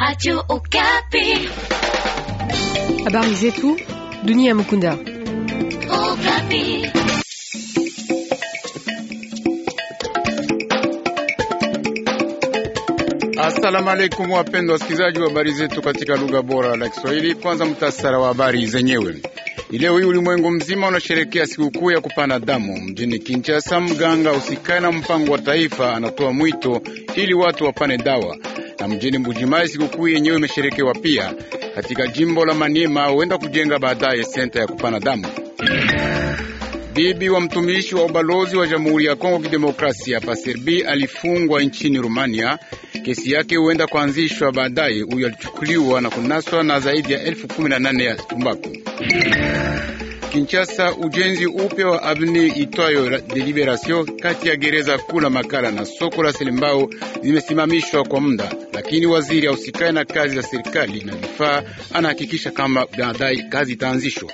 Radio Okapi. Habari zetu Dunia Mukunda. Okapi. Asalamu alaykum wapendwa wasikilizaji wa habari zetu katika lugha bora la Kiswahili. Kwanza mtasara wa habari zenyewe. Leo hii ulimwengu mzima unasherekea sikukuu ya kupana damu. Mjini Kinshasa, mganga usikae na mpango wa taifa anatoa mwito ili watu wapane dawa na mjini Mbujimai sikukuu yenyewe imesherekewa pia. Katika jimbo la Maniema huenda kujenga baadaye senta ya kupana damu. Bibi wa mtumishi wa ubalozi wa Jamhuri ya Kongo Kidemokrasia pa Serbi alifungwa nchini Romania. Kesi yake huenda kuanzishwa baadaye. Huyo alichukuliwa na kunaswa na zaidi ya elfu kumi na nane ya tumbaku. Kinshasa, ujenzi upya wa avni itwayo Deliberation kati ya gereza kuu la Makala na soko la Selembao zimesimamishwa kwa muda, lakini waziri ausikae na kazi za serikali na vifaa anahakikisha kama baadaye kazi itaanzishwa.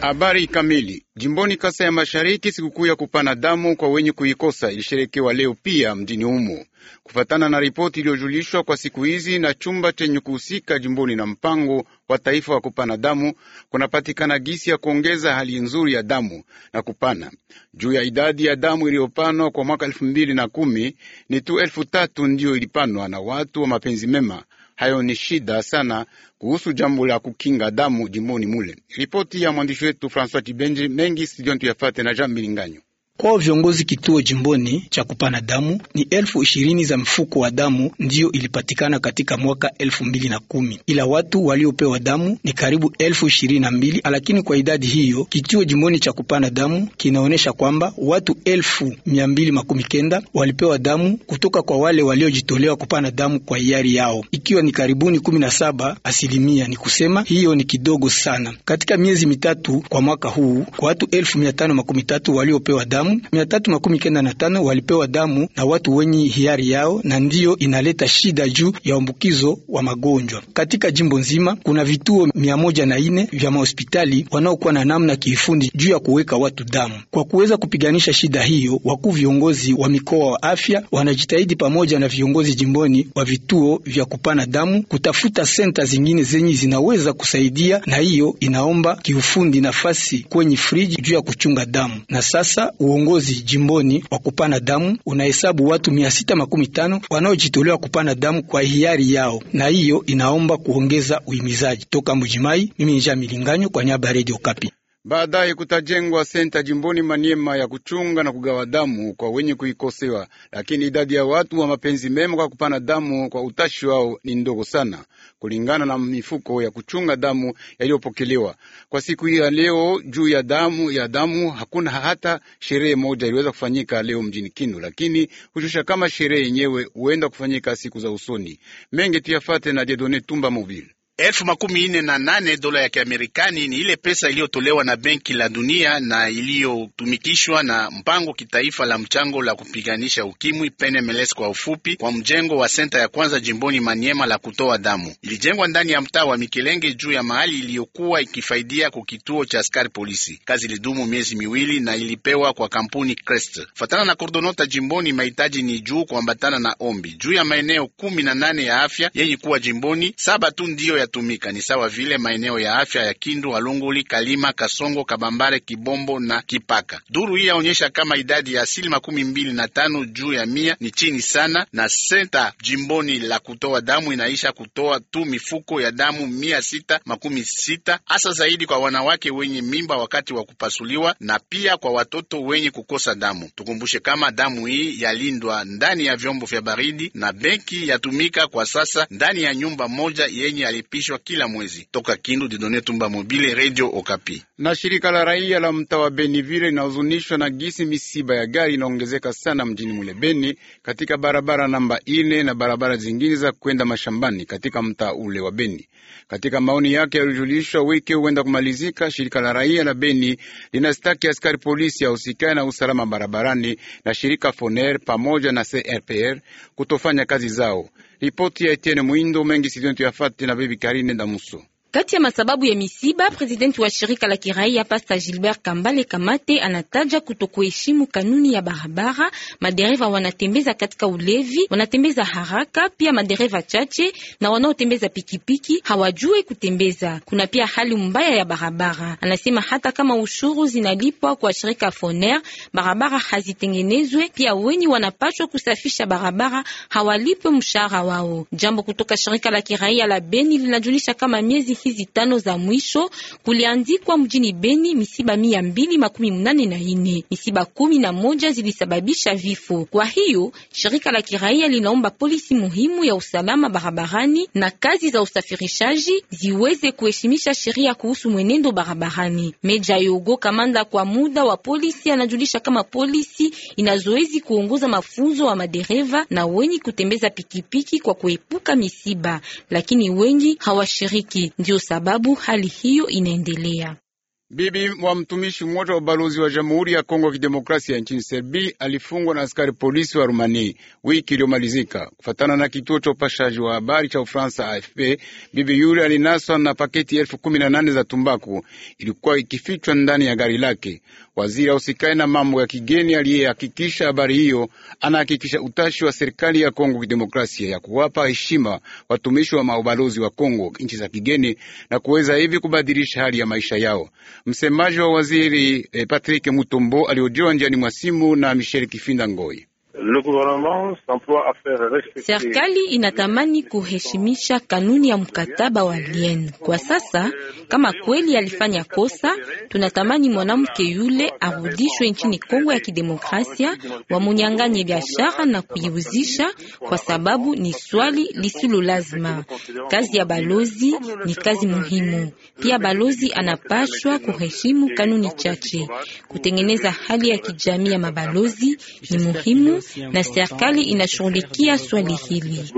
Habari kamili. Jimboni Kasa ya Mashariki, sikukuu ya kupana damu kwa wenye kuikosa ilisherekewa leo pia mjini humo, kufatana na ripoti iliyojulishwa kwa siku hizi na chumba chenye kuhusika jimboni na mpango wa taifa wa kupana damu. Kunapatikana gisi ya kuongeza hali nzuri ya damu na kupana. Juu ya idadi ya damu iliyopanwa kwa mwaka elfu mbili na kumi ni tu elfu tatu ndiyo ilipanwa na watu wa mapenzi mema Hayo ni shida sana kuhusu jambo la kukinga damu jimboni mule. Ripoti ya mwandishi wetu François Kibenji mengi studio tuyafate na Jean Milinganyo. Kwao viongozi kituo jimboni cha kupana damu ni elfu ishirini za mfuko wa damu ndiyo ilipatikana katika mwaka elfu mbili na kumi, ila watu waliopewa damu ni karibu elfu ishirini na mbili. Lakini kwa idadi hiyo kituo jimboni cha kupana damu kinaonyesha kwamba watu elfu mia mbili makumi kenda walipewa damu kutoka kwa wale waliojitolewa kupana damu kwa hiari yao, ikiwa ni karibuni kumi na saba asilimia. Ni kusema hiyo ni kidogo sana. Katika miezi mitatu kwa mwaka huu kwa watu elfu mia tano makumi tatu waliopewa damu damu mia tatu makumi kenda na tano walipewa damu na watu wenye hiari yao, na ndiyo inaleta shida juu ya uambukizo wa magonjwa katika jimbo nzima. Kuna vituo mia moja na ine vya mahospitali wanaokuwa na namna kiufundi juu ya kuweka watu damu. Kwa kuweza kupiganisha shida hiyo, wakuu viongozi wa mikoa wa afya wanajitahidi pamoja na viongozi jimboni wa vituo vya kupana damu kutafuta senta zingine zenye zinaweza kusaidia, na hiyo inaomba kiufundi nafasi kwenye friji juu ya kuchunga damu na sasa uongozi jimboni wa kupana damu unahesabu watu mia sita makumi tano wanaojitolewa kupana damu kwa hiari yao, na hiyo inaomba kuongeza uhimizaji. Toka Mbujimai, mimi ni milinganyo kwa niaba ya Radio Kapi. Baadaye kutajengwa senta jimboni Maniema ya kuchunga na kugawa damu kwa wenye kuikosewa, lakini idadi ya watu wa mapenzi mema kwa kupana damu kwa utashi wao ni ndogo sana, kulingana na mifuko ya kuchunga damu yaliyopokelewa kwa siku hii ya leo. Juu ya damu ya damu, hakuna hata sherehe moja iliweza kufanyika leo mjini Kindu, lakini hushusha kama sherehe yenyewe huenda kufanyika siku za usoni. Mengi tuyafate na Jedone Tumba Mobile elfu makumi ine na nane dola ya Kiamerikani ni ile pesa iliyotolewa na Benki la Dunia na iliyotumikishwa na mpango kitaifa la mchango la kupiganisha ukimwi PNMLS kwa ufupi, kwa mjengo wa senta ya kwanza jimboni Maniema la kutoa damu. Ilijengwa ndani ya mtaa wa Mikelenge juu ya mahali iliyokuwa ikifaidia kwa kituo cha askari polisi. Kazi ilidumu miezi miwili na ilipewa kwa kampuni Crest. Fatana na kordonota jimboni, mahitaji ni juu kuambatana na ombi juu ya maeneo kumi na nane ya afya yenye kuwa jimboni, saba tu ndiyo yatumika ni sawa vile maeneo ya afya ya Kindu, Walunguli, Kalima, Kasongo, Kabambare, Kibombo na Kipaka. Duru hii yaonyesha kama idadi ya asili makumi mbili na tano juu ya mia ni chini sana, na senta jimboni la kutoa damu inaisha kutoa tu mifuko ya damu mia sita makumi sita hasa zaidi kwa wanawake wenye mimba wakati wa kupasuliwa na pia kwa watoto wenye kukosa damu. Tukumbushe kama damu hii yalindwa ndani ya vyombo vya baridi na benki yatumika kwa sasa ndani ya nyumba moja yenye alipe kuchapishwa kila mwezi. Toka Kindu, Didone Tumba Mobile, Radio Okapi na shirika la raia la mtaa wa Beni vile linahuzunishwa na gisi misiba ya gari inaongezeka sana mjini mule Beni, katika barabara namba ine na barabara zingine za kwenda mashambani katika mtaa ule wa Beni. Katika maoni yake yalijulishwa wiki huenda kumalizika, shirika la raia la Beni linastaki askari polisi ya usikai na usalama barabarani na shirika Foner pamoja na CRPR kutofanya kazi zao. Ripoti ya Etienne Mwindo mengi sidoni na bibi Karine Damuso. Kati ya masababu ya misiba, presidenti wa shirika la kiraia Pasta Gilbert Kambale Kamate anataja kutokuheshimu kanuni ya barabara. Madereva wanatembeza katika ulevi, wanatembeza haraka, pia madereva chache na wanaotembeza pikipiki hawajui kutembeza. Kuna pia hali mbaya ya barabara. Anasema hata kama ushuru zinalipwa kwa shirika Foner, barabara hazitengenezwe. Pia wenye wanapaswa kusafisha barabara hawalipe mshahara wao. Jambo kutoka shirika la kiraia la Beni linajulisha kama miezi hizi tano za mwisho kuliandikwa mjini Beni misiba mia mbili makumi mnane na ine. Misiba kumi na moja zilisababisha vifo. Kwa hiyo shirika la kiraia linaomba polisi muhimu ya usalama barabarani na kazi za usafirishaji ziweze kuheshimisha sheria kuhusu mwenendo barabarani. Meja Yogo, kamanda kwa muda wa polisi, anajulisha kama polisi inazoezi kuongoza mafunzo wa madereva na wenye kutembeza pikipiki kwa kuepuka misiba, lakini wengi hawashiriki ndio ndiyo sababu hali hiyo inaendelea. Bibi wa mtumishi mmoja wa ubalozi wa Jamhuri ya Kongo ya Kidemokrasia nchini Serbi alifungwa na askari polisi wa Rumani wiki iliyomalizika. Kufatana na kituo cha upashaji wa habari cha Ufaransa AFP, bibi yule alinaswa na paketi elfu kumi na nane za tumbaku ilikuwa ikifichwa ndani ya gari lake. Waziri ausikani na mambo ya kigeni aliyehakikisha habari hiyo anahakikisha utashi wa serikali ya Kongo kidemokrasia ya kuwapa heshima watumishi wa maubalozi wa Kongo nchi za kigeni na kuweza hivi kubadilisha hali ya maisha yao. Msemaji wa waziri eh, Patrick Mutombo aliojiwa njiani mwa simu na Michel Kifinda Ngoi. Serikali inatamani kuheshimisha kanuni ya mkataba wa Lien. Kwa sasa, kama kweli alifanya kosa, tunatamani mwanamke yule arudishwe nchini Kongo ya Kidemokrasia, wamunyanganye biashara na kuiuzisha, kwa sababu ni swali lisilo lazima. Kazi ya balozi ni kazi muhimu. Pia balozi anapashwa kuheshimu kanuni chache. Kutengeneza hali ya kijamii ya mabalozi ni muhimu na serikali inashughulikia swali hili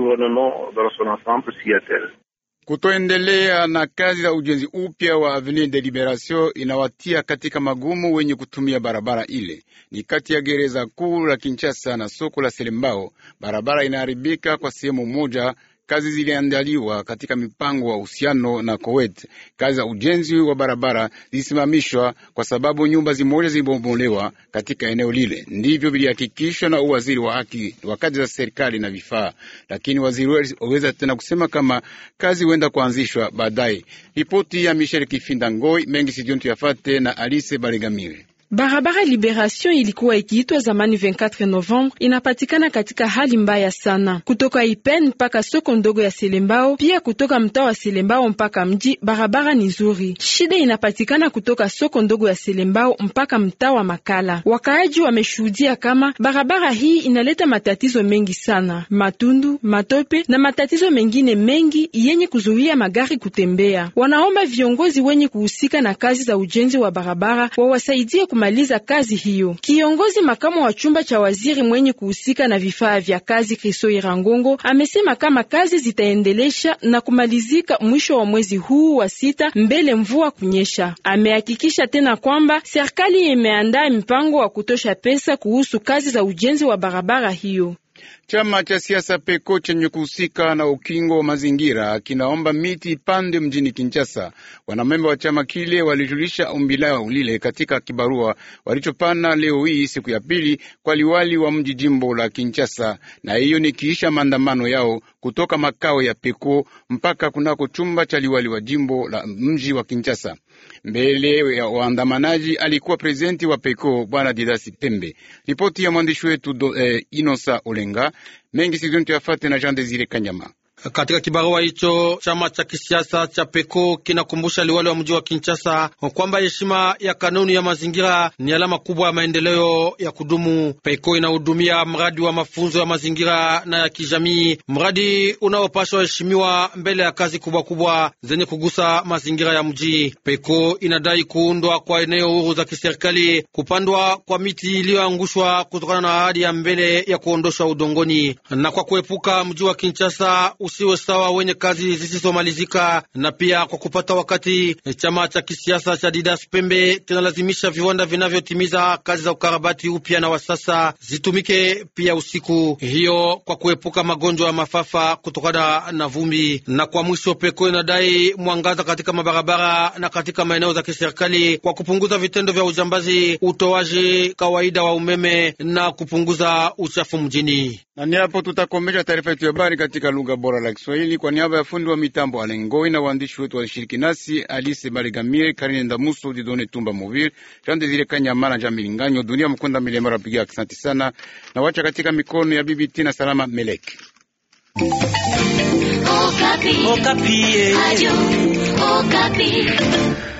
kutoendelea na kazi za ujenzi upya wa Avenue de Liberation inawatia katika magumu wenye kutumia barabara ile. Ni kati ya gereza kuu la Kinshasa na soko la Selembao. Barabara inaharibika kwa sehemu moja, kazi ziliandaliwa katika mipango wa uhusiano na Kuwait. Kazi za ujenzi wa barabara zilisimamishwa kwa sababu nyumba zimoja zilibomolewa katika eneo lile, ndivyo vilihakikishwa na uwaziri wa haki wa kazi za serikali na vifaa, lakini waziri aweza tena kusema kama kazi huenda kuanzishwa baadaye. Ripoti ya Michel Kifinda Ngoi mengi sijontu yafate na Alice Baregamire. Barabara Liberation ilikuwa ikiitwa zamani 24 Novembre inapatikana katika hali mbaya sana, kutoka Ipen mpaka soko ndogo ya Selembao, pia kutoka mtaa wa Selembao mpaka mji, barabara ni nzuri. Shida inapatikana kutoka soko ndogo ya Selembao mpaka mtaa wa Makala. Wakaaji wameshuhudia kama barabara hii inaleta matatizo mengi sana, matundu, matope na matatizo mengine mengi yenye kuzuia magari kutembea. Wanaomba viongozi wenye kuhusika na kazi za ujenzi wa barabara wawasaidie kumaliza kazi hiyo. Kiongozi makamu wa chumba cha waziri mwenye kuhusika na vifaa vya kazi kriso Irangongo amesema kama kazi zitaendelesha na kumalizika mwisho wa mwezi huu wa sita mbele mvua kunyesha. Amehakikisha tena kwamba serikali imeandaa mpango wa kutosha pesa kuhusu kazi za ujenzi wa barabara hiyo. Chama cha siasa Peko chenye kuhusika na ukingo wa mazingira kinaomba miti ipande mjini Kinshasa. Wanamemba wa chama kile walijulisha ombi lao lile katika kibarua walichopana leo hii siku ya pili kwa liwali wa mji jimbo la Kinshasa, na hiyo ni kiisha maandamano yao kutoka makao ya Peko mpaka kunako chumba cha liwali wa jimbo la mji wa Kinshasa. Mbele ya waandamanaji alikuwa prezidenti wa Peko Bwana Didasi Pembe. Ripoti ya mwandishi wetu eh, Inosa Olenga. Mwenga mengi Sizoni Tuyafate na Jean Desire Kanyama. Katika kibarua hicho chama cha kisiasa cha Peko kinakumbusha liwali wa mji wa Kinshasa kwamba heshima ya kanuni ya mazingira ni alama kubwa ya maendeleo ya kudumu. Peko inahudumia mradi wa mafunzo ya mazingira na ya kijamii, mradi unaopashwa heshimiwa mbele ya kazi kubwa kubwa zenye kugusa mazingira ya mji. Peko inadai kuundwa kwa eneo huru za kiserikali, kupandwa kwa miti iliyoangushwa kutokana na ahadi ya mbele ya kuondoshwa udongoni na kwa kuepuka mji wa Kinshasa usiwe sawa wenye kazi zisizomalizika, na pia kwa kupata wakati. Eh, chama cha kisiasa cha Didas Pembe kinalazimisha viwanda vinavyotimiza kazi za ukarabati upya na wasasa zitumike pia usiku, hiyo kwa kuepuka magonjwa ya mafafa kutokana na vumbi. Na kwa mwisho, Peko inadai mwangaza katika mabarabara na katika maeneo za kiserikali kwa kupunguza vitendo vya ujambazi, utoaji kawaida wa umeme na kupunguza uchafu mjini. Na ni hapo tutakomesha taarifa yetu ya habari katika lugha bora bora la Kiswahili. Kwa niaba ya fundi wa mitambo Alengoi na waandishi wetu walishiriki nasi, Alice Barigamire, Karine Ndamuso, Didone Tumba Movil, Jean Desire Kanyamala, Jean Milinganyo, Dunia Mkunda Milema Pigia. Asante sana na wacha katika mikono ya Bibi Tina Salama Meleki. Okapi. Okapi. Eh. Ajo, Okapi.